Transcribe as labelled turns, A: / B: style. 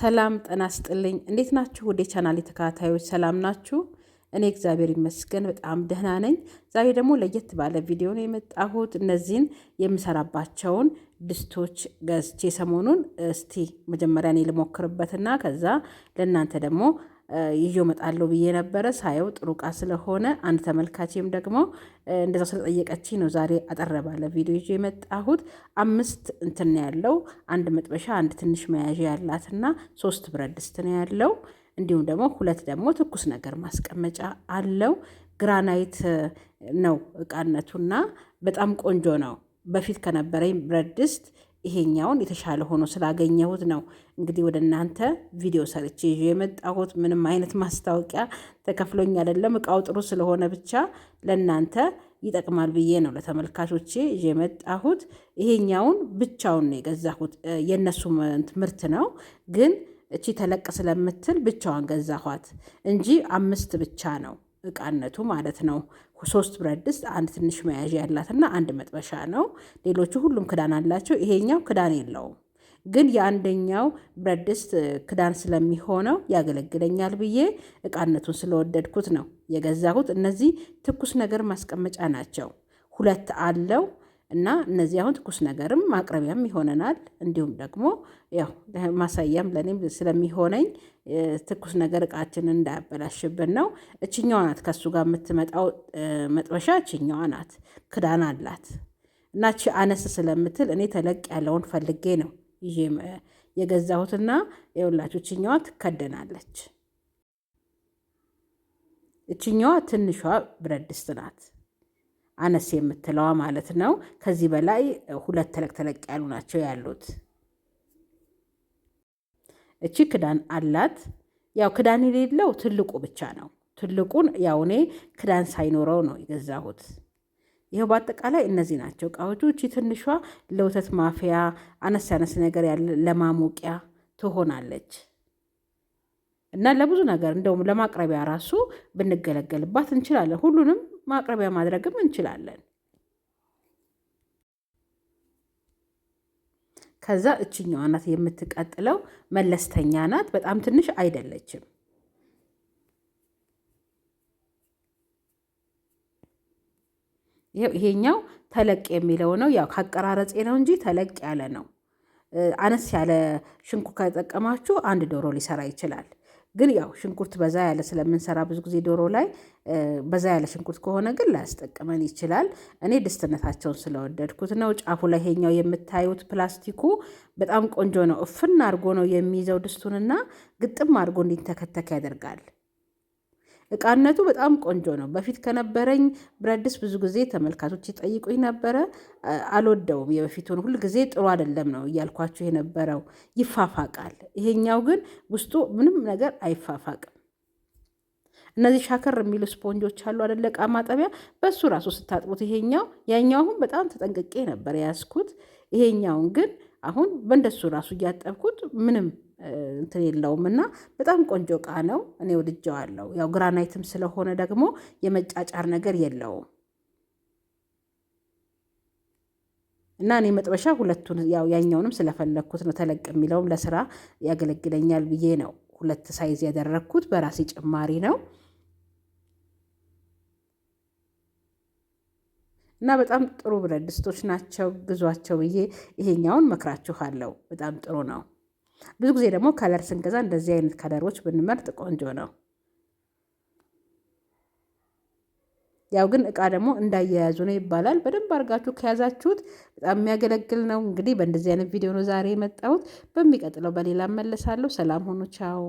A: ሰላም ጤና ይስጥልኝ። እንዴት ናችሁ? ወደ ቻናል የተከታታዮች ሰላም ናችሁ? እኔ እግዚአብሔር ይመስገን በጣም ደህና ነኝ። ዛሬ ደግሞ ለየት ባለ ቪዲዮ ነው የመጣሁት። እነዚህን የምሰራባቸውን ድስቶች ገዝቼ ሰሞኑን እስቲ መጀመሪያ እኔ ልሞክርበትና ከዛ ለእናንተ ደግሞ ይዤ እመጣለሁ ብዬ ነበረ። ሳየው ጥሩ እቃ ስለሆነ አንድ ተመልካቼም ደግሞ እንደዛው ስለጠየቀች ነው ዛሬ አጠር ባለ ቪዲዮ ይዤ የመጣሁት። አምስት እንትን ያለው አንድ መጥበሻ፣ አንድ ትንሽ መያዣ ያላትና ሶስት ብረት ድስት ነው ያለው። እንዲሁም ደግሞ ሁለት ደግሞ ትኩስ ነገር ማስቀመጫ አለው። ግራናይት ነው እቃነቱና በጣም ቆንጆ ነው። በፊት ከነበረኝ ብረት ድስት ይሄኛውን የተሻለ ሆኖ ስላገኘሁት ነው እንግዲህ ወደ እናንተ ቪዲዮ ሰርቼ ይዤ የመጣሁት። ምንም አይነት ማስታወቂያ ተከፍሎኝ አይደለም። እቃው ጥሩ ስለሆነ ብቻ ለእናንተ ይጠቅማል ብዬ ነው ለተመልካቾቼ ይዤ የመጣሁት። ይሄኛውን ብቻውን ነው የገዛሁት። የእነሱ ምርት ነው ግን እቺ ተለቅ ስለምትል ብቻዋን ገዛኋት እንጂ አምስት ብቻ ነው እቃነቱ ማለት ነው። ሶስት ብረት ድስት፣ አንድ ትንሽ መያዣ ያላትና አንድ መጥበሻ ነው። ሌሎቹ ሁሉም ክዳን አላቸው። ይሄኛው ክዳን የለውም፣ ግን የአንደኛው ብረት ድስት ክዳን ስለሚሆነው ያገለግለኛል ብዬ እቃነቱን ስለወደድኩት ነው የገዛሁት። እነዚህ ትኩስ ነገር ማስቀመጫ ናቸው። ሁለት አለው እና እነዚህ አሁን ትኩስ ነገርም ማቅረቢያም ይሆነናል። እንዲሁም ደግሞ ያው ማሳያም ለእኔም ስለሚሆነኝ ትኩስ ነገር እቃችንን እንዳያበላሽብን ነው። እችኛዋ ናት ከሱ ጋር የምትመጣው መጥበሻ እችኛዋ ናት። ክዳን አላት እና እቺ አነስ ስለምትል እኔ ተለቅ ያለውን ፈልጌ ነው ይዤ የገዛሁትና የሁላችሁ እችኛዋ ትከደናለች። እችኛዋ ትንሿ ብረት ድስት ናት። አነስ የምትለዋ ማለት ነው። ከዚህ በላይ ሁለት ተለቅ ተለቅ ያሉ ናቸው ያሉት። እቺ ክዳን አላት። ያው ክዳን የሌለው ትልቁ ብቻ ነው። ትልቁን ያው እኔ ክዳን ሳይኖረው ነው የገዛሁት። ይኸው በአጠቃላይ እነዚህ ናቸው እቃዎቹ። እቺ ትንሿ ለወተት ማፍያ አነስ ያነስ ነገር ያለ ለማሞቂያ ትሆናለች እና ለብዙ ነገር እንደውም ለማቅረቢያ ራሱ ብንገለገልባት እንችላለን ሁሉንም ማቅረቢያ ማድረግም እንችላለን። ከዛ እችኛዋ ናት የምትቀጥለው፣ መለስተኛ ናት። በጣም ትንሽ አይደለችም። ይሄኛው ተለቅ የሚለው ነው። ያው ካቀራረጼ ነው እንጂ ተለቅ ያለ ነው። አነስ ያለ ሽንኩርት ከተጠቀማችሁ አንድ ዶሮ ሊሰራ ይችላል። ግን ያው ሽንኩርት በዛ ያለ ስለምንሰራ ብዙ ጊዜ ዶሮ ላይ በዛ ያለ ሽንኩርት ከሆነ ግን ላያስጠቅመን ይችላል። እኔ ድስትነታቸውን ስለወደድኩት ነው። ጫፉ ላይ ይሄኛው የምታዩት ፕላስቲኩ በጣም ቆንጆ ነው። እፍን አድርጎ ነው የሚይዘው ድስቱንና ግጥም አድርጎ እንዲተከተክ ያደርጋል። እቃነቱ በጣም ቆንጆ ነው። በፊት ከነበረኝ ብረት ድስት ብዙ ጊዜ ተመልካቾች ይጠይቁኝ ነበረ። አልወደውም የበፊቱን ሁል ጊዜ ጥሩ አይደለም ነው እያልኳቸው የነበረው። ይፋፋቃል። ይሄኛው ግን ውስጡ ምንም ነገር አይፋፋቅም። እነዚህ ሻከር የሚሉ ስፖንጆች አሉ አይደለ? ማጠቢያ በእሱ ራሱ ስታጥቡት ይሄኛው ያኛውን በጣም ተጠንቅቄ ነበር ያስኩት። ይሄኛውን ግን አሁን በእንደሱ ራሱ እያጠብኩት ምንም እንትን የለውም እና በጣም ቆንጆ እቃ ነው። እኔ ወድጀዋለሁ። ያው ግራናይትም ስለሆነ ደግሞ የመጫጫር ነገር የለውም እና እኔ መጥበሻ ሁለቱን ያው ያኛውንም ስለፈለግኩት ነው ተለቅ የሚለውም ለስራ ያገለግለኛል ብዬ ነው ሁለት ሳይዝ ያደረግኩት በራሴ ጭማሪ ነው። እና በጣም ጥሩ ብረት ድስቶች ናቸው። ግዟቸው ብዬ ይሄኛውን መክራችኋለሁ። በጣም ጥሩ ነው። ብዙ ጊዜ ደግሞ ከለር ስንገዛ እንደዚህ አይነት ከለሮች ብንመርጥ ቆንጆ ነው። ያው ግን እቃ ደግሞ እንዳያያዙ ነው ይባላል። በደንብ አድርጋችሁ ከያዛችሁት በጣም የሚያገለግል ነው። እንግዲህ በእንደዚህ አይነት ቪዲዮ ነው ዛሬ የመጣሁት። በሚቀጥለው በሌላ መለሳለሁ። ሰላም ሆኑ። ቻው